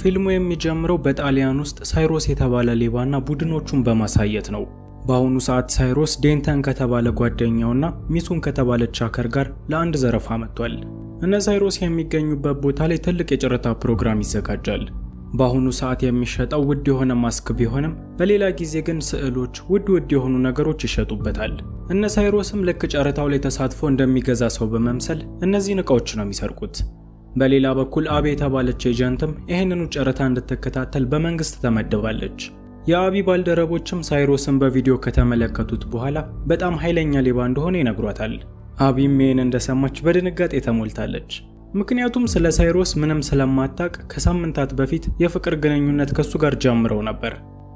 ፊልሙ የሚጀምረው በጣሊያን ውስጥ ሳይሮስ የተባለ ሌባና ቡድኖቹን በማሳየት ነው። በአሁኑ ሰዓት ሳይሮስ ዴንተን ከተባለ ጓደኛውና ሚሱን ከተባለች አከር ጋር ለአንድ ዘረፋ መጥቷል። እነ ሳይሮስ የሚገኙበት ቦታ ላይ ትልቅ የጨረታ ፕሮግራም ይዘጋጃል። በአሁኑ ሰዓት የሚሸጠው ውድ የሆነ ማስክ ቢሆንም በሌላ ጊዜ ግን ስዕሎች፣ ውድ ውድ የሆኑ ነገሮች ይሸጡበታል። እነ ሳይሮስም ልክ ጨረታው ላይ ተሳትፎ እንደሚገዛ ሰው በመምሰል እነዚህን ዕቃዎች ነው የሚሰርቁት። በሌላ በኩል አቤ የተባለች ኤጀንትም ይህንኑ ጨረታ እንድትከታተል በመንግስት ተመድባለች። የአቢ ባልደረቦችም ሳይሮስን በቪዲዮ ከተመለከቱት በኋላ በጣም ኃይለኛ ሌባ እንደሆነ ይነግሯታል። አቢም ይህን እንደሰማች በድንጋጤ ተሞልታለች። ምክንያቱም ስለ ሳይሮስ ምንም ስለማታቅ ከሳምንታት በፊት የፍቅር ግንኙነት ከሱ ጋር ጀምረው ነበር።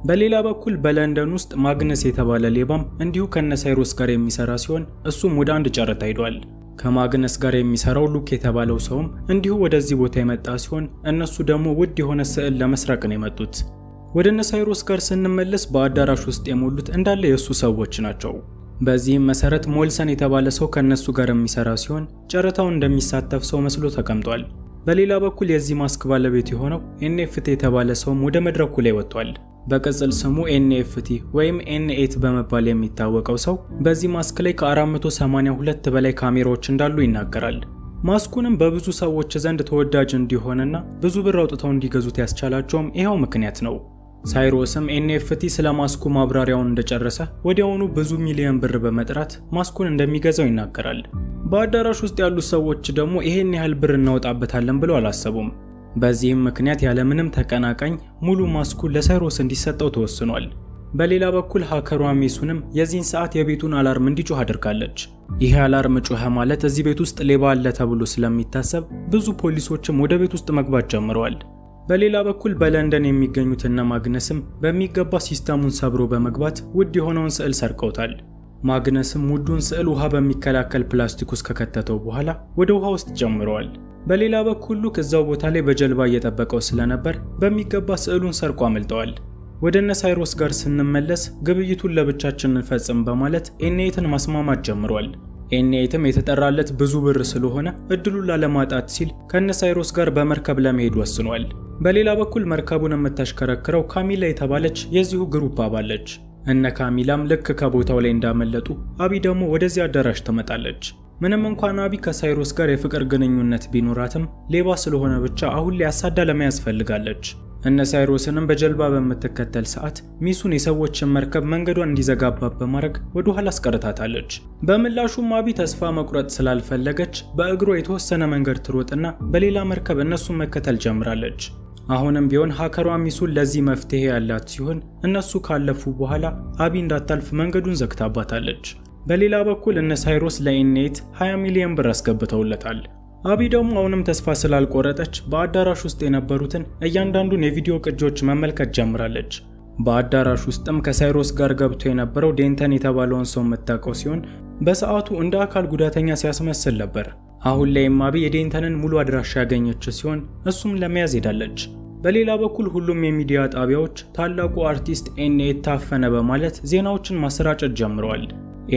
በሌላ በኩል በለንደን ውስጥ ማግነስ የተባለ ሌባም እንዲሁ ከነ ሳይሮስ ጋር የሚሰራ ሲሆን እሱም ወደ አንድ ጨረታ ሂዷል። ከማግነስ ጋር የሚሰራው ሉክ የተባለው ሰውም እንዲሁ ወደዚህ ቦታ የመጣ ሲሆን እነሱ ደግሞ ውድ የሆነ ስዕል ለመስረቅ ነው የመጡት። ወደ እነ ሳይሮስ ጋር ስንመለስ በአዳራሽ ውስጥ የሞሉት እንዳለ የእሱ ሰዎች ናቸው። በዚህም መሰረት ሞልሰን የተባለ ሰው ከእነሱ ጋር የሚሰራ ሲሆን ጨረታውን እንደሚሳተፍ ሰው መስሎ ተቀምጧል። በሌላ በኩል የዚህ ማስክ ባለቤት የሆነው ኤንኤፍቴ የተባለ ሰውም ወደ መድረኩ ላይ ወጥቷል። በቅጽል ስሙ ኤንኤፍቲ ወይም ኤንኤት በመባል የሚታወቀው ሰው በዚህ ማስክ ላይ ከ482 በላይ ካሜራዎች እንዳሉ ይናገራል። ማስኩንም በብዙ ሰዎች ዘንድ ተወዳጅ እንዲሆንና ብዙ ብር አውጥተው እንዲገዙት ያስቻላቸውም ይኸው ምክንያት ነው። ሳይሮስም ኤንኤፍቲ ስለ ማስኩ ማብራሪያውን እንደጨረሰ ወዲያውኑ ብዙ ሚሊዮን ብር በመጥራት ማስኩን እንደሚገዛው ይናገራል። በአዳራሽ ውስጥ ያሉት ሰዎች ደግሞ ይሄን ያህል ብር እናወጣበታለን ብለው አላሰቡም። በዚህም ምክንያት ያለምንም ተቀናቃኝ ሙሉ ማስኩ ለሳይሮስ እንዲሰጠው ተወስኗል። በሌላ በኩል ሀከሯ ሜሱንም የዚህን ሰዓት የቤቱን አላርም እንዲጮህ አድርጋለች። ይሄ አላርም ጮኸ ማለት እዚህ ቤት ውስጥ ሌባ አለ ተብሎ ስለሚታሰብ ብዙ ፖሊሶችም ወደ ቤት ውስጥ መግባት ጀምረዋል። በሌላ በኩል በለንደን የሚገኙት እነ ማግነስም በሚገባ ሲስተሙን ሰብሮ በመግባት ውድ የሆነውን ስዕል ሰርቀውታል። ማግነስም ውዱን ስዕል ውሃ በሚከላከል ፕላስቲክ ውስጥ ከከተተው በኋላ ወደ ውሃ ውስጥ ጨምረዋል። በሌላ በኩል ሉክ እዛው ቦታ ላይ በጀልባ እየጠበቀው ስለነበር በሚገባ ስዕሉን ሰርቆ አመልጠዋል። ወደ እነ ሳይሮስ ጋር ስንመለስ ግብይቱን ለብቻችን እንፈጽም በማለት ኤኔይትን ማስማማት ጀምሯል። ኤኔይትም የተጠራለት ብዙ ብር ስለሆነ እድሉን ላለማጣት ሲል ከነሳይሮስ ሳይሮስ ጋር በመርከብ ለመሄድ ወስኗል። በሌላ በኩል መርከቡን የምታሽከረክረው ካሚላ የተባለች የዚሁ ግሩፕ አባለች። እነ ካሚላም ልክ ከቦታው ላይ እንዳመለጡ አቢ ደግሞ ወደዚህ አዳራሽ ትመጣለች። ምንም እንኳን አቢ ከሳይሮስ ጋር የፍቅር ግንኙነት ቢኖራትም ሌባ ስለሆነ ብቻ አሁን ላይ አሳዳ ለመያዝ ፈልጋለች። እነ ሳይሮስንም በጀልባ በምትከተል ሰዓት ሚሱን የሰዎችን መርከብ መንገዷን እንዲዘጋባት በማድረግ ወደ ኋላ አስቀርታታለች። በምላሹም አቢ ተስፋ መቁረጥ ስላልፈለገች በእግሯ የተወሰነ መንገድ ትሮጥና በሌላ መርከብ እነሱን መከተል ጀምራለች። አሁንም ቢሆን ሀከሯ ሚሱል ለዚህ መፍትሄ ያላት ሲሆን እነሱ ካለፉ በኋላ አቢ እንዳታልፍ መንገዱን ዘግታባታለች። በሌላ በኩል እነ ሳይሮስ ለኢኔት 20 ሚሊዮን ብር አስገብተውለታል። አቢ ደግሞ አሁንም ተስፋ ስላልቆረጠች በአዳራሽ ውስጥ የነበሩትን እያንዳንዱን የቪዲዮ ቅጂዎች መመልከት ጀምራለች። በአዳራሽ ውስጥም ከሳይሮስ ጋር ገብቶ የነበረው ዴንተን የተባለውን ሰው የምታውቀው ሲሆን በሰዓቱ እንደ አካል ጉዳተኛ ሲያስመስል ነበር። አሁን ላይ ማቢ የዴንተንን ሙሉ አድራሻ ያገኘች ሲሆን እሱም ለመያዝ ሄዳለች። በሌላ በኩል ሁሉም የሚዲያ ጣቢያዎች ታላቁ አርቲስት ኤንኤት ታፈነ በማለት ዜናዎችን ማሰራጨት ጀምረዋል።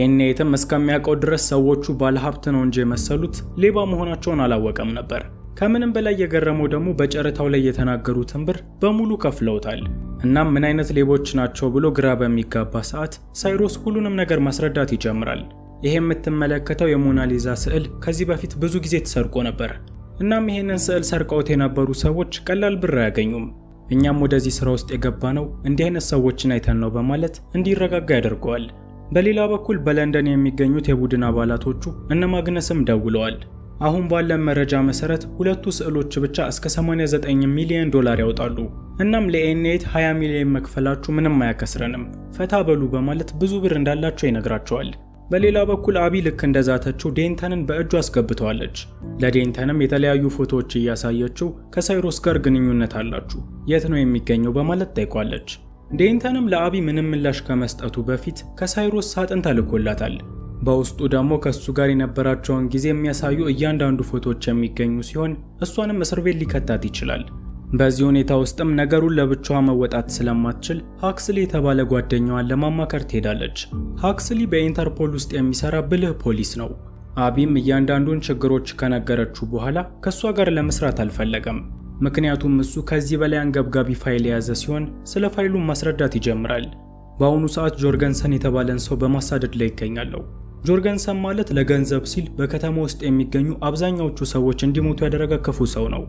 ኤንኤትም እስከሚያውቀው ድረስ ሰዎቹ ባለሀብት ነው እንጂ የመሰሉት ሌባ መሆናቸውን አላወቀም ነበር። ከምንም በላይ የገረመው ደግሞ በጨረታው ላይ የተናገሩትን ብር በሙሉ ከፍለውታል። እናም ምን አይነት ሌቦች ናቸው ብሎ ግራ በሚጋባ ሰዓት ሳይሮስ ሁሉንም ነገር ማስረዳት ይጀምራል። ይሄ የምትመለከተው የሞናሊዛ ስዕል ከዚህ በፊት ብዙ ጊዜ ተሰርቆ ነበር። እናም ይሄንን ስዕል ሰርቀውት የነበሩ ሰዎች ቀላል ብር አያገኙም። እኛም ወደዚህ ስራ ውስጥ የገባ ነው እንዲህ አይነት ሰዎችን አይተን ነው በማለት እንዲረጋጋ ያደርገዋል። በሌላ በኩል በለንደን የሚገኙት የቡድን አባላቶቹ እነ ማግነስም ደውለዋል። አሁን ባለን መረጃ መሰረት ሁለቱ ስዕሎች ብቻ እስከ 89 ሚሊዮን ዶላር ያወጣሉ። እናም ለኤንኤት 20 ሚሊዮን መክፈላችሁ ምንም አያከስረንም፣ ፈታ በሉ በማለት ብዙ ብር እንዳላቸው ይነግራቸዋል። በሌላ በኩል አቢ ልክ እንደዛተችው ዴንተንን በእጁ አስገብተዋለች። ለዴንተንም የተለያዩ ፎቶዎች እያሳየችው ከሳይሮስ ጋር ግንኙነት አላችሁ፣ የት ነው የሚገኘው በማለት ጠይቋለች። ዴንተንም ለአቢ ምንም ምላሽ ከመስጠቱ በፊት ከሳይሮስ ሳጥን ተልኮላታል። በውስጡ ደግሞ ከሱ ጋር የነበራቸውን ጊዜ የሚያሳዩ እያንዳንዱ ፎቶዎች የሚገኙ ሲሆን እሷንም እስር ቤት ሊከታት ይችላል። በዚህ ሁኔታ ውስጥም ነገሩን ለብቻዋ መወጣት ስለማትችል ሃክስሊ የተባለ ጓደኛዋን ለማማከር ትሄዳለች። ሃክስሊ በኢንተርፖል ውስጥ የሚሰራ ብልህ ፖሊስ ነው። አቢም እያንዳንዱን ችግሮች ከነገረችው በኋላ ከእሷ ጋር ለመስራት አልፈለገም። ምክንያቱም እሱ ከዚህ በላይ አንገብጋቢ ፋይል የያዘ ሲሆን ስለ ፋይሉን ማስረዳት ይጀምራል። በአሁኑ ሰዓት ጆርገንሰን የተባለን ሰው በማሳደድ ላይ ይገኛለሁ። ጆርገንሰን ማለት ለገንዘብ ሲል በከተማ ውስጥ የሚገኙ አብዛኛዎቹ ሰዎች እንዲሞቱ ያደረገ ክፉ ሰው ነው።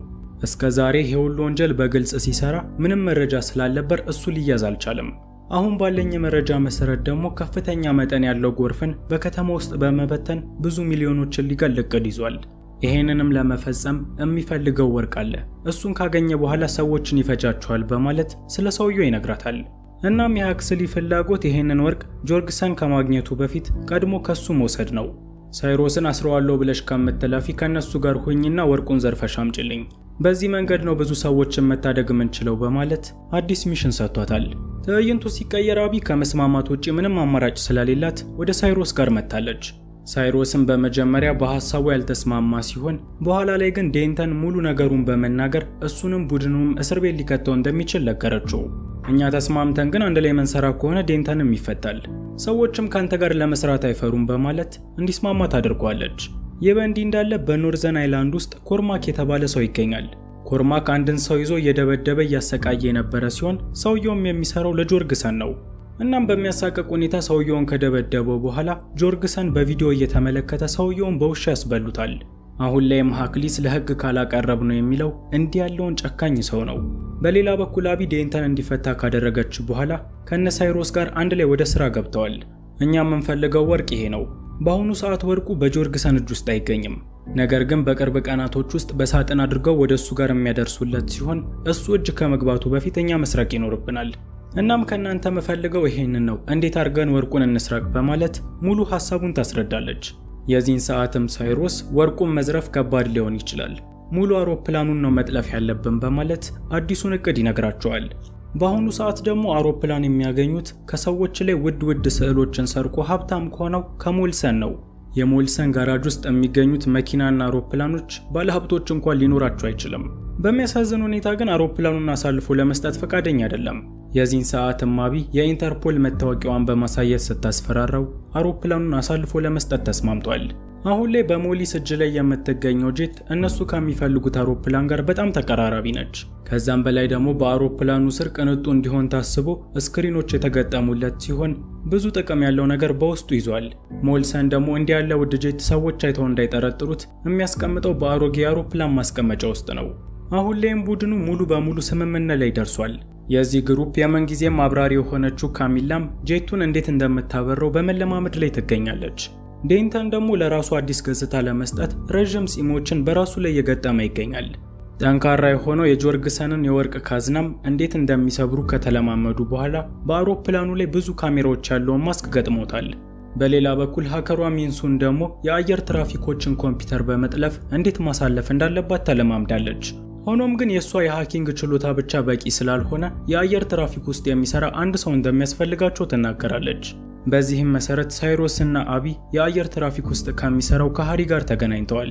እስከ ዛሬ ይሄ ሁሉ ወንጀል በግልጽ ሲሰራ ምንም መረጃ ስላልነበር እሱ ሊያዝ አልቻለም። አሁን ባለኝ መረጃ መሰረት ደግሞ ከፍተኛ መጠን ያለው ጎርፍን በከተማ ውስጥ በመበተን ብዙ ሚሊዮኖችን ሊገል እቅድ ይዟል። ይሄንንም ለመፈጸም የሚፈልገው ወርቅ አለ። እሱን ካገኘ በኋላ ሰዎችን ይፈጃቸዋል በማለት ስለ ሰውየው ይነግራታል። እናም የአክስሊ ፍላጎት ይሄንን ወርቅ ጆርግሰን ከማግኘቱ በፊት ቀድሞ ከሱ መውሰድ ነው። ሳይሮስን አስረዋለሁ ብለሽ ከምትለፊ ከእነሱ ጋር ሁኝና ወርቁን ዘርፈሽ አምጪልኝ። በዚህ መንገድ ነው ብዙ ሰዎችን መታደግ የምንችለው በማለት አዲስ ሚሽን ሰጥቷታል። ትዕይንቱ ሲቀየር አቢ ከመስማማት ውጪ ምንም አማራጭ ስለሌላት ወደ ሳይሮስ ጋር መታለች። ሳይሮስን በመጀመሪያ በሐሳቡ ያልተስማማ ሲሆን በኋላ ላይ ግን ዴንተን ሙሉ ነገሩን በመናገር እሱንም ቡድኑም እስር ቤት ሊከተው እንደሚችል ነገረችው። እኛ ተስማምተን ግን አንድ ላይ መንሰራ ከሆነ ዴንተንም ይፈታል፣ ሰዎችም ካንተ ጋር ለመስራት አይፈሩም በማለት እንዲስማማ ታደርጓለች። ይህ በእንዲህ እንዳለ በኖርዘን አይላንድ ውስጥ ኮርማክ የተባለ ሰው ይገኛል። ኮርማክ አንድን ሰው ይዞ እየደበደበ እያሰቃየ የነበረ ሲሆን ሰውየውም የሚሰራው ለጆርግሰን ነው። እናም በሚያሳቀቅ ሁኔታ ሰውየውን ከደበደበው በኋላ ጆርግሰን በቪዲዮ እየተመለከተ ሰውየውን በውሻ ያስበሉታል። አሁን ላይም ሃክሊስ ለህግ ካላቀረብ ነው የሚለው እንዲህ ያለውን ጨካኝ ሰው ነው። በሌላ በኩል አቢ ዴንተን እንዲፈታ ካደረገች በኋላ ከነ ሳይሮስ ጋር አንድ ላይ ወደ ስራ ገብተዋል። እኛ የምንፈልገው ወርቅ ይሄ ነው። በአሁኑ ሰዓት ወርቁ በጆርግሰን እጅ ውስጥ አይገኝም። ነገር ግን በቅርብ ቀናቶች ውስጥ በሳጥን አድርገው ወደ እሱ ጋር የሚያደርሱለት ሲሆን እሱ እጅ ከመግባቱ በፊት እኛ መስረቅ ይኖርብናል። እናም ከእናንተ መፈልገው ይሄንን ነው፣ እንዴት አድርገን ወርቁን እንስረቅ በማለት ሙሉ ሀሳቡን ታስረዳለች። የዚህን ሰዓትም ሳይሮስ ወርቁን መዝረፍ ከባድ ሊሆን ይችላል፣ ሙሉ አውሮፕላኑን ነው መጥለፍ ያለብን በማለት አዲሱን እቅድ ይነግራቸዋል። በአሁኑ ሰዓት ደግሞ አውሮፕላን የሚያገኙት ከሰዎች ላይ ውድ ውድ ስዕሎችን ሰርቆ ሀብታም ከሆነው ከሞልሰን ነው። የሞልሰን ጋራጅ ውስጥ የሚገኙት መኪናና አውሮፕላኖች ባለሀብቶች እንኳን ሊኖራቸው አይችልም። በሚያሳዝን ሁኔታ ግን አውሮፕላኑን አሳልፎ ለመስጠት ፈቃደኛ አይደለም። የዚህን ሰዓት እማቢ የኢንተርፖል መታወቂያዋን በማሳየት ስታስፈራራው አውሮፕላኑን አሳልፎ ለመስጠት ተስማምቷል። አሁን ላይ በሞሊስ እጅ ላይ የምትገኘው ጄት እነሱ ከሚፈልጉት አውሮፕላን ጋር በጣም ተቀራራቢ ነች። ከዛም በላይ ደግሞ በአውሮፕላኑ ስር ቅንጡ እንዲሆን ታስቦ ስክሪኖች የተገጠሙለት ሲሆን ብዙ ጥቅም ያለው ነገር በውስጡ ይዟል። ሞልሰን ደግሞ እንዲህ ያለ ውድ ጄት ሰዎች አይተው እንዳይጠረጥሩት የሚያስቀምጠው በአሮጌ የአውሮፕላን ማስቀመጫ ውስጥ ነው። አሁን ላይም ቡድኑ ሙሉ በሙሉ ስምምነት ላይ ደርሷል። የዚህ ግሩፕ የመን ጊዜም አብራሪ የሆነችው ካሚላም ጄቱን እንዴት እንደምታበረው በመለማመድ ላይ ትገኛለች። ዴንተን ደግሞ ለራሱ አዲስ ገጽታ ለመስጠት ረዥም ፂሞችን በራሱ ላይ እየገጠመ ይገኛል። ጠንካራ የሆነው የጆርግሰንን የወርቅ ካዝናም እንዴት እንደሚሰብሩ ከተለማመዱ በኋላ በአውሮፕላኑ ላይ ብዙ ካሜራዎች ያለውን ማስክ ገጥሞታል። በሌላ በኩል ሀከሯ ሚንሱን ደግሞ የአየር ትራፊኮችን ኮምፒውተር በመጥለፍ እንዴት ማሳለፍ እንዳለባት ተለማምዳለች። ሆኖም ግን የእሷ የሃኪንግ ችሎታ ብቻ በቂ ስላልሆነ የአየር ትራፊክ ውስጥ የሚሰራ አንድ ሰው እንደሚያስፈልጋቸው ትናገራለች። በዚህም መሰረት ሳይሮስ እና አቢ የአየር ትራፊክ ውስጥ ከሚሰራው ከሃሪ ጋር ተገናኝተዋል።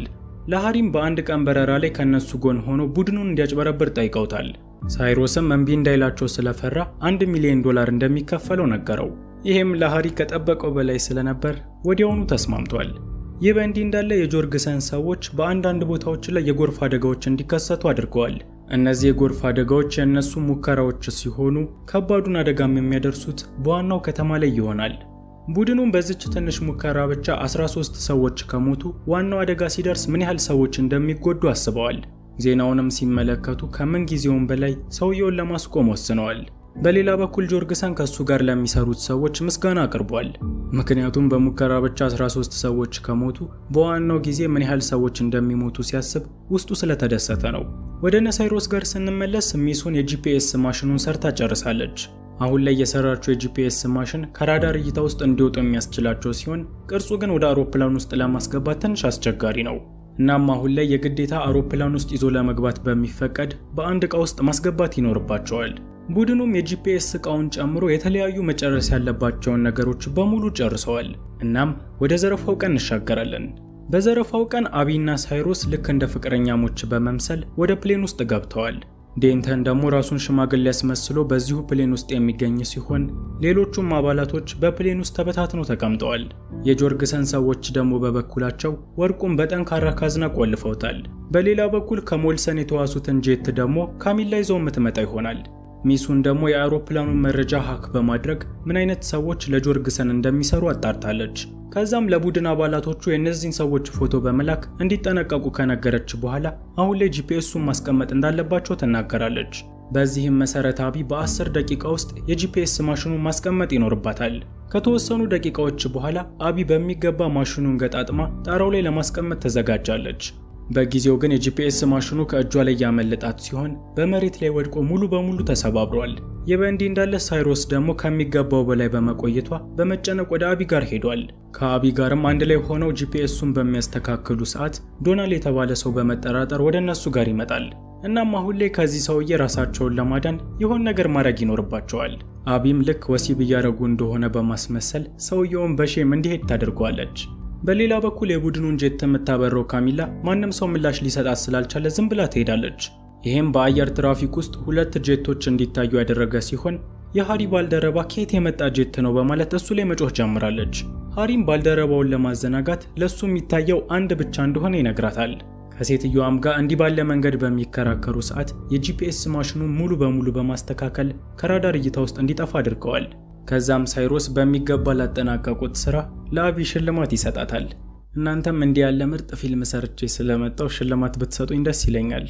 ለሃሪም በአንድ ቀን በረራ ላይ ከነሱ ጎን ሆኖ ቡድኑን እንዲያጭበረብር ጠይቀውታል። ሳይሮስም እምቢ እንዳይላቸው ስለፈራ አንድ ሚሊዮን ዶላር እንደሚከፈለው ነገረው። ይህም ለሃሪ ከጠበቀው በላይ ስለነበር ወዲያውኑ ተስማምቷል። ይህ በእንዲህ እንዳለ የጆርግሰን ሰዎች በአንዳንድ ቦታዎች ላይ የጎርፍ አደጋዎች እንዲከሰቱ አድርገዋል። እነዚህ የጎርፍ አደጋዎች የእነሱ ሙከራዎች ሲሆኑ ከባዱን አደጋም የሚያደርሱት በዋናው ከተማ ላይ ይሆናል። ቡድኑም በዚች ትንሽ ሙከራ ብቻ 13 ሰዎች ከሞቱ ዋናው አደጋ ሲደርስ ምን ያህል ሰዎች እንደሚጎዱ አስበዋል። ዜናውንም ሲመለከቱ ከምን ጊዜውም በላይ ሰውየውን ለማስቆም ወስነዋል። በሌላ በኩል ጆርግሰን ከሱ ጋር ለሚሰሩት ሰዎች ምስጋና አቅርቧል። ምክንያቱም በሙከራ ብቻ 13 ሰዎች ከሞቱ በዋናው ጊዜ ምን ያህል ሰዎች እንደሚሞቱ ሲያስብ ውስጡ ስለተደሰተ ነው። ወደ ነሳይሮስ ጋር ስንመለስ ሚሱን የጂፒኤስ ማሽኑን ሰርታ ጨርሳለች። አሁን ላይ የሰራችው የጂፒኤስ ማሽን ከራዳር እይታ ውስጥ እንዲወጡ የሚያስችላቸው ሲሆን ቅርጹ ግን ወደ አውሮፕላን ውስጥ ለማስገባት ትንሽ አስቸጋሪ ነው። እናም አሁን ላይ የግዴታ አውሮፕላን ውስጥ ይዞ ለመግባት በሚፈቀድ በአንድ ዕቃ ውስጥ ማስገባት ይኖርባቸዋል። ቡድኑም የጂፒኤስ እቃውን ጨምሮ የተለያዩ መጨረስ ያለባቸውን ነገሮች በሙሉ ጨርሰዋል። እናም ወደ ዘረፋው ቀን እንሻገራለን። በዘረፋው ቀን አቢና ሳይሮስ ልክ እንደ ፍቅረኛሞች በመምሰል ወደ ፕሌን ውስጥ ገብተዋል። ዴንተን ደግሞ ራሱን ሽማግሌ ያስመስሎ በዚሁ ፕሌን ውስጥ የሚገኝ ሲሆን ሌሎቹም አባላቶች በፕሌን ውስጥ ተበታትነው ተቀምጠዋል። የጆርግሰን ሰዎች ደግሞ በበኩላቸው ወርቁን በጠንካራ ካዝና ቆልፈውታል። በሌላ በኩል ከሞልሰን የተዋሱትን ጄት ደግሞ ካሚላ ይዘው የምትመጣ ይሆናል። ሚሱን ደግሞ የአውሮፕላኑን መረጃ ሀክ በማድረግ ምን አይነት ሰዎች ለጆርግሰን እንደሚሰሩ አጣርታለች። ከዛም ለቡድን አባላቶቹ የእነዚህን ሰዎች ፎቶ በመላክ እንዲጠነቀቁ ከነገረች በኋላ አሁን ላይ ጂፒኤሱን ማስቀመጥ እንዳለባቸው ትናገራለች። በዚህም መሰረት አቢ በ10 ደቂቃ ውስጥ የጂፒኤስ ማሽኑን ማስቀመጥ ይኖርባታል። ከተወሰኑ ደቂቃዎች በኋላ አቢ በሚገባ ማሽኑን ገጣጥማ ጣራው ላይ ለማስቀመጥ ተዘጋጃለች። በጊዜው ግን የጂፒኤስ ማሽኑ ከእጇ ላይ ያመለጣት ሲሆን በመሬት ላይ ወድቆ ሙሉ በሙሉ ተሰባብሯል። ይህ በእንዲህ እንዳለ ሳይሮስ ደግሞ ከሚገባው በላይ በመቆየቷ በመጨነቅ ወደ አቢ ጋር ሄዷል። ከአቢ ጋርም አንድ ላይ ሆነው ጂፒኤሱን በሚያስተካክሉ ሰዓት ዶናል የተባለ ሰው በመጠራጠር ወደ እነሱ ጋር ይመጣል። እናም አሁን ላይ ከዚህ ሰውዬ ራሳቸውን ለማዳን የሆን ነገር ማድረግ ይኖርባቸዋል። አቢም ልክ ወሲብ እያደረጉ እንደሆነ በማስመሰል ሰውየውን በሼም እንዲሄድ ታደርገዋለች። በሌላ በኩል የቡድኑን ጄት የምታበረው ካሚላ ማንም ሰው ምላሽ ሊሰጣት ስላልቻለ ዝም ብላ ትሄዳለች። ይህም በአየር ትራፊክ ውስጥ ሁለት ጄቶች እንዲታዩ ያደረገ ሲሆን የሃሪ ባልደረባ ከየት የመጣ ጄት ነው በማለት እሱ ላይ መጮህ ጀምራለች። ሃሪም ባልደረባውን ለማዘናጋት ለሱ የሚታየው አንድ ብቻ እንደሆነ ይነግራታል። ከሴትዮዋም ጋር እንዲህ ባለ መንገድ በሚከራከሩ ሰዓት የጂፒኤስ ማሽኑን ሙሉ በሙሉ በማስተካከል ከራዳር እይታ ውስጥ እንዲጠፋ አድርገዋል። ከዛም ሳይሮስ በሚገባ ላጠናቀቁት ስራ ለአቢ ሽልማት ይሰጣታል። እናንተም እንዲህ ያለ ምርጥ ፊልም ሰርቼ ስለመጣው ሽልማት ብትሰጡኝ ደስ ይለኛል።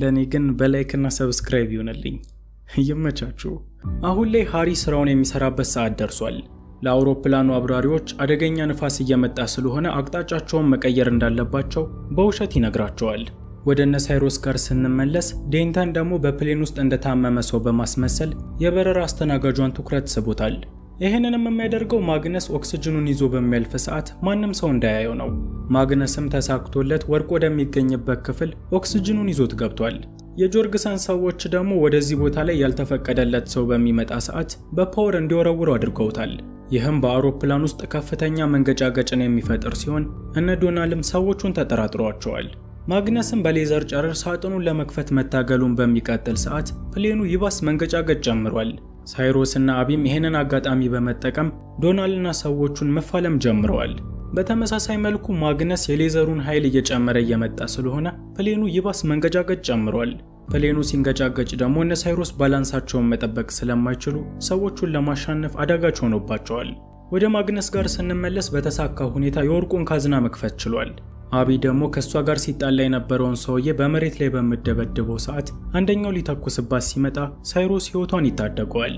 ለእኔ ግን በላይክና ሰብስክራይብ ይሆንልኝ። ይመቻችሁ። አሁን ላይ ሃሪ ስራውን የሚሰራበት ሰዓት ደርሷል። ለአውሮፕላኑ አብራሪዎች አደገኛ ንፋስ እየመጣ ስለሆነ አቅጣጫቸውን መቀየር እንዳለባቸው በውሸት ይነግራቸዋል። ወደ እነ ሳይሮስ ጋር ስንመለስ ዴንታን ደግሞ በፕሌን ውስጥ እንደታመመ ሰው በማስመሰል የበረራ አስተናጋጇን ትኩረት ስቦታል። ይህንንም የሚያደርገው ማግነስ ኦክስጅኑን ይዞ በሚያልፍ ሰዓት ማንም ሰው እንዳያየው ነው። ማግነስም ተሳክቶለት ወርቅ ወደሚገኝበት ክፍል ኦክስጅኑን ይዞት ገብቷል። የጆርግሰን ሰዎች ደግሞ ወደዚህ ቦታ ላይ ያልተፈቀደለት ሰው በሚመጣ ሰዓት በፓወር እንዲወረውረው አድርገውታል። ይህም በአውሮፕላን ውስጥ ከፍተኛ መንገጫገጭን የሚፈጥር ሲሆን እነ ዶናልም ሰዎቹን ተጠራጥረዋቸዋል። ማግነስም በሌዘር ጨረር ሳጥኑን ለመክፈት መታገሉን በሚቀጥል ሰዓት ፕሌኑ ይባስ መንገጫገጭ ጀምሯል። ሳይሮስና አቢም ይሄንን አጋጣሚ በመጠቀም ዶናልና ሰዎቹን መፋለም ጀምረዋል። በተመሳሳይ መልኩ ማግነስ የሌዘሩን ኃይል እየጨመረ እየመጣ ስለሆነ ፕሌኑ ይባስ መንገጫገጭ ጀምሯል። ፕሌኑ ሲንገጫገጭ ደግሞ እነ ሳይሮስ ባላንሳቸውን መጠበቅ ስለማይችሉ ሰዎቹን ለማሻነፍ አዳጋች ሆኖባቸዋል። ወደ ማግነስ ጋር ስንመለስ በተሳካ ሁኔታ የወርቁን ካዝና መክፈት ችሏል። አቢ ደግሞ ከእሷ ጋር ሲጣላ የነበረውን ሰውዬ በመሬት ላይ በምደበድበው ሰዓት አንደኛው ሊተኩስባት ሲመጣ ሳይሮስ ሕይወቷን ይታደገዋል።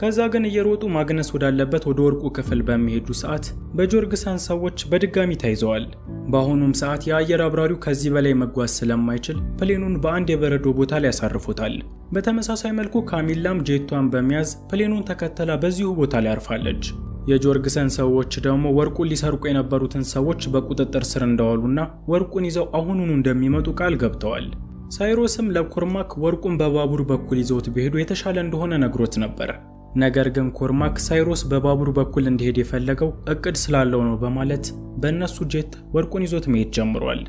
ከዛ ግን እየሮጡ ማግነስ ወዳለበት ወደ ወርቁ ክፍል በሚሄዱ ሰዓት በጆርግሰን ሰዎች በድጋሚ ተይዘዋል። በአሁኑም ሰዓት የአየር አብራሪው ከዚህ በላይ መጓዝ ስለማይችል ፕሌኑን በአንድ የበረዶ ቦታ ላይ ያሳርፉታል። በተመሳሳይ መልኩ ካሚላም ጄቷን በመያዝ ፕሌኑን ተከተላ በዚሁ ቦታ ላይ አርፋለች። የጆርግሰን ሰዎች ደግሞ ወርቁን ሊሰርቁ የነበሩትን ሰዎች በቁጥጥር ስር እንደዋሉና ወርቁን ይዘው አሁኑኑ እንደሚመጡ ቃል ገብተዋል። ሳይሮስም ለኮርማክ ወርቁን በባቡር በኩል ይዘውት ቢሄዱ የተሻለ እንደሆነ ነግሮት ነበር። ነገር ግን ኮርማክ ሳይሮስ በባቡር በኩል እንዲሄድ የፈለገው እቅድ ስላለው ነው በማለት በእነሱ ጄት ወርቁን ይዞት መሄድ ጀምሯል።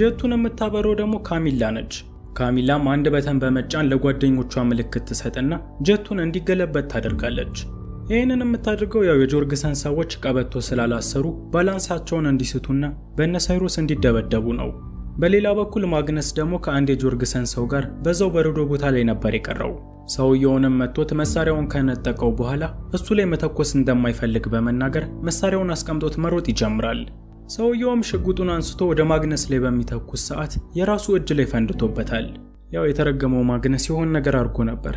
ጄቱን የምታበረው ደግሞ ካሚላ ነች። ካሚላም አንድ በተን በመጫን ለጓደኞቿ ምልክት ትሰጥና ጀቱን እንዲገለበጥ ታደርጋለች። ይህንን የምታደርገው ያው የጆርግሰን ሰዎች ቀበቶ ስላላሰሩ ባላንሳቸውን እንዲስቱና በነሳይሮስ እንዲደበደቡ ነው። በሌላ በኩል ማግነስ ደግሞ ከአንድ የጆርግሰን ሰው ጋር በዛው በረዶ ቦታ ላይ ነበር የቀረው። ሰውየውንም መቶት መሳሪያውን ከነጠቀው በኋላ እሱ ላይ መተኮስ እንደማይፈልግ በመናገር መሳሪያውን አስቀምጦት መሮጥ ይጀምራል። ሰውየውም ሽጉጡን አንስቶ ወደ ማግነስ ላይ በሚተኩስ ሰዓት የራሱ እጅ ላይ ፈንድቶበታል። ያው የተረገመው ማግነስ የሆን ነገር አድርጎ ነበር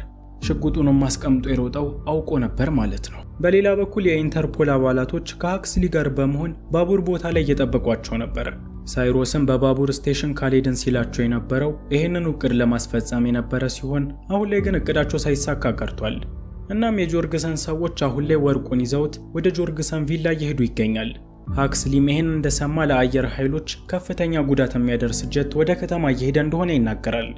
ሽጉጡንም አስቀምጦ የሮጠው አውቆ ነበር ማለት ነው። በሌላ በኩል የኢንተርፖል አባላቶች ከሀክስሊ ጋር በመሆን ባቡር ቦታ ላይ እየጠበቋቸው ነበር። ሳይሮስም በባቡር ስቴሽን ካሌድን ሲላቸው የነበረው ይህንን እቅድ ለማስፈጸም የነበረ ሲሆን አሁን ላይ ግን እቅዳቸው ሳይሳካ ቀርቷል። እናም የጆርግሰን ሰዎች አሁን ላይ ወርቁን ይዘውት ወደ ጆርግሰን ቪላ እየሄዱ ይገኛል። ሀክስሊም ይህን እንደሰማ ለአየር ኃይሎች ከፍተኛ ጉዳት የሚያደርስ ጀት ወደ ከተማ እየሄደ እንደሆነ ይናገራል።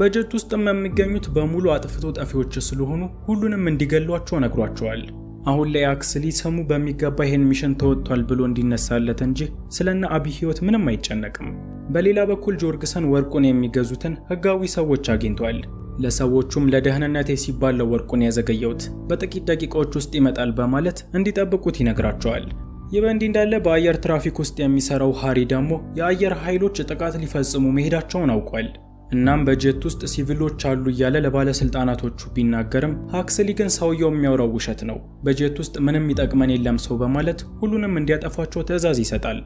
በጀት ውስጥም የሚገኙት በሙሉ አጥፍቶ ጠፊዎች ስለሆኑ ሁሉንም እንዲገሏቸው ነግሯቸዋል። አሁን ላይ አክስሊ ስሙ በሚገባ ይህን ሚሽን ተወጥቷል ብሎ እንዲነሳለት እንጂ ስለነ አቢ ህይወት ምንም አይጨነቅም። በሌላ በኩል ጆርግሰን ወርቁን የሚገዙትን ህጋዊ ሰዎች አግኝቷል። ለሰዎቹም ለደህንነቴ ሲባል ወርቁን ያዘገየውት በጥቂት ደቂቃዎች ውስጥ ይመጣል በማለት እንዲጠብቁት ይነግራቸዋል። ይህ በእንዲህ እንዳለ በአየር ትራፊክ ውስጥ የሚሰራው ሃሪ ደግሞ የአየር ኃይሎች ጥቃት ሊፈጽሙ መሄዳቸውን አውቋል። እናም በጀት ውስጥ ሲቪሎች አሉ እያለ ለባለስልጣናቶቹ ቢናገርም ሀክስሊ ግን ሰውየው የሚያወራው ውሸት ነው፣ በጀት ውስጥ ምንም ይጠቅመን የለም ሰው በማለት ሁሉንም እንዲያጠፏቸው ትዕዛዝ ይሰጣል።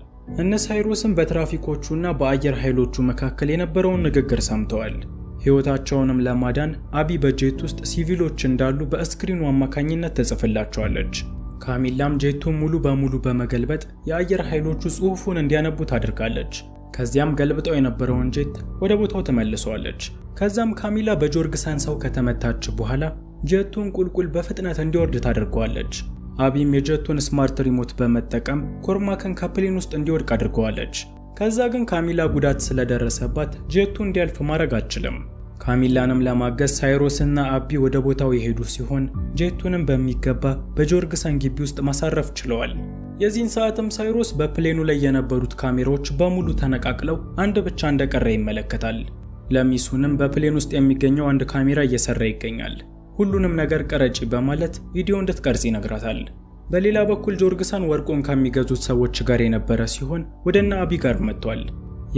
እነ ሳይሮስም በትራፊኮቹና በአየር ኃይሎቹ መካከል የነበረውን ንግግር ሰምተዋል። ሕይወታቸውንም ለማዳን አቢ በጀት ውስጥ ሲቪሎች እንዳሉ በስክሪኑ አማካኝነት ትጽፍላቸዋለች። ካሚላም ጄቱን ሙሉ በሙሉ በመገልበጥ የአየር ኃይሎቹ ጽሑፉን እንዲያነቡት አድርጋለች። ከዚያም ገልብጠው የነበረውን ጄት ወደ ቦታው ተመልሰዋለች። ከዛም ካሚላ በጆርግሰን ሰው ከተመታች በኋላ ጀቱን ቁልቁል በፍጥነት እንዲወርድ ታደርገዋለች። አቢም የጀቱን ስማርት ሪሞት በመጠቀም ኮርማክን ካፕሊን ውስጥ እንዲወድቅ አድርገዋለች። ከዛ ግን ካሚላ ጉዳት ስለደረሰባት ጀቱ እንዲያልፍ ማድረግ አትችልም። ካሚላንም ለማገዝ ሳይሮስና አቢ ወደ ቦታው የሄዱ ሲሆን ጄቱንም በሚገባ በጆርግሰን ግቢ ውስጥ ማሳረፍ ችለዋል። የዚህን ሰዓትም ሳይሮስ በፕሌኑ ላይ የነበሩት ካሜራዎች በሙሉ ተነቃቅለው አንድ ብቻ እንደቀረ ይመለከታል። ለሚሱንም በፕሌን ውስጥ የሚገኘው አንድ ካሜራ እየሰራ ይገኛል። ሁሉንም ነገር ቀረጪ በማለት ቪዲዮ እንድትቀርጽ ይነግራታል። በሌላ በኩል ጆርግሰን ወርቁን ከሚገዙት ሰዎች ጋር የነበረ ሲሆን ወደና አቢ ጋር መጥቷል።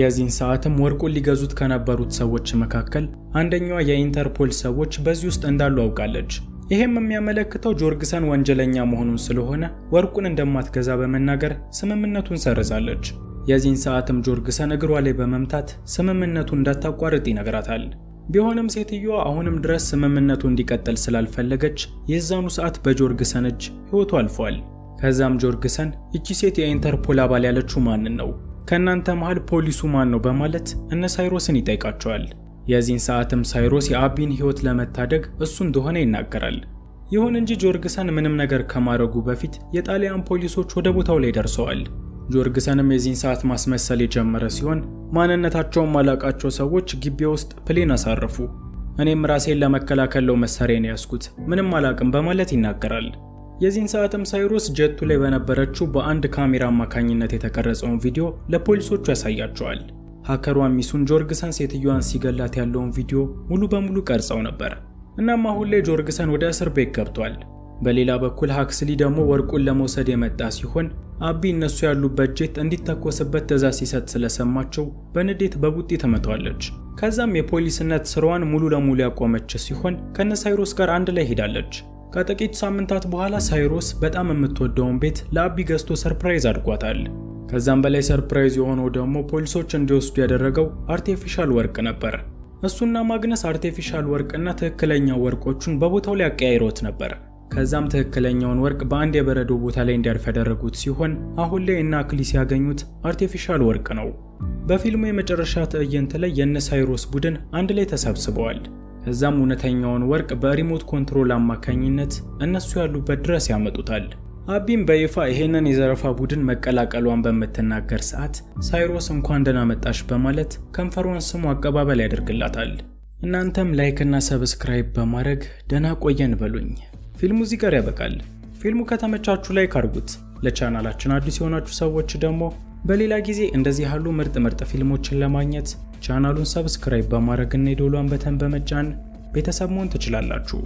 የዚህን ሰዓትም ወርቁን ሊገዙት ከነበሩት ሰዎች መካከል አንደኛዋ የኢንተርፖል ሰዎች በዚህ ውስጥ እንዳሉ አውቃለች። ይህም የሚያመለክተው ጆርግሰን ወንጀለኛ መሆኑን ስለሆነ ወርቁን እንደማትገዛ በመናገር ስምምነቱን ሰርዛለች። የዚህን ሰዓትም ጆርግሰን እግሯ ላይ በመምታት ስምምነቱን እንዳታቋርጥ ይነግራታል። ቢሆንም ሴትዮዋ አሁንም ድረስ ስምምነቱ እንዲቀጥል ስላልፈለገች የዛኑ ሰዓት በጆርግሰን እጅ ሕይወቱ አልፏል። ከዛም ጆርግሰን እቺ ሴት የኢንተርፖል አባል ያለችው ማንን ነው? ከእናንተ መሃል ፖሊሱ ማን ነው በማለት እነ ሳይሮስን ይጠይቃቸዋል። የዚህን ሰዓትም ሳይሮስ የአቢን ህይወት ለመታደግ እሱ እንደሆነ ይናገራል። ይሁን እንጂ ጆርግሰን ምንም ነገር ከማድረጉ በፊት የጣሊያን ፖሊሶች ወደ ቦታው ላይ ደርሰዋል። ጆርግሰንም የዚህን ሰዓት ማስመሰል የጀመረ ሲሆን ማንነታቸውን ማላቃቸው ሰዎች ግቢ ውስጥ ፕሌን አሳረፉ። እኔም ራሴን ለመከላከል ነው መሳሪያን ያስኩት፣ ምንም አላቅም በማለት ይናገራል። የዚህን ሰዓትም ሳይሮስ ጀቱ ላይ በነበረችው በአንድ ካሜራ አማካኝነት የተቀረጸውን ቪዲዮ ለፖሊሶቹ ያሳያቸዋል። ሀከሯ ሚሱን ጆርግሰን ሴትዮዋን ሲገላት ያለውን ቪዲዮ ሙሉ በሙሉ ቀርጸው ነበር። እናም አሁን ላይ ጆርግሰን ወደ እስር ቤት ገብቷል። በሌላ በኩል ሀክስሊ ደግሞ ወርቁን ለመውሰድ የመጣ ሲሆን አቢ እነሱ ያሉበት ጄት እንዲተኮስበት ትዕዛዝ ሲሰጥ ስለሰማቸው በንዴት በቡጢ ትመቷለች። ከዛም የፖሊስነት ስራዋን ሙሉ ለሙሉ ያቆመች ሲሆን ከነሳይሮስ ጋር አንድ ላይ ሄዳለች። ከጥቂት ሳምንታት በኋላ ሳይሮስ በጣም የምትወደውን ቤት ለአቢ ገዝቶ ሰርፕራይዝ አድርጓታል። ከዛም በላይ ሰርፕራይዝ የሆነው ደግሞ ፖሊሶች እንዲወስዱ ያደረገው አርቴፊሻል ወርቅ ነበር። እሱና ማግነስ አርቴፊሻል ወርቅና ትክክለኛ ወርቆቹን በቦታው ላይ አቀያይሮት ነበር። ከዛም ትክክለኛውን ወርቅ በአንድ የበረዶ ቦታ ላይ እንዲያርፍ ያደረጉት ሲሆን አሁን ላይ እና አክሊስ ያገኙት አርቴፊሻል ወርቅ ነው። በፊልሙ የመጨረሻ ትዕይንት ላይ የነ ሳይሮስ ቡድን አንድ ላይ ተሰብስበዋል። ከዛም እውነተኛውን ወርቅ በሪሞት ኮንትሮል አማካኝነት እነሱ ያሉበት ድረስ ያመጡታል። አቢም በይፋ ይሄንን የዘረፋ ቡድን መቀላቀሏን በምትናገር ሰዓት ሳይሮስ እንኳን ደህና መጣሽ በማለት ከንፈሯን ስሙ አቀባበል ያደርግላታል። እናንተም ላይክና ሰብስክራይብ በማድረግ ደህና ቆየን በሉኝ። ፊልሙ እዚህ ጋር ያበቃል። ፊልሙ ከተመቻችሁ ላይክ አድርጉት። ለቻናላችን አዲስ የሆናችሁ ሰዎች ደግሞ በሌላ ጊዜ እንደዚህ ያሉ ምርጥ ምርጥ ፊልሞችን ለማግኘት ቻናሉን ሰብስክራይብ እና የዶሏን በተን በመጫን ቤተሰብ መሆን ትችላላችሁ።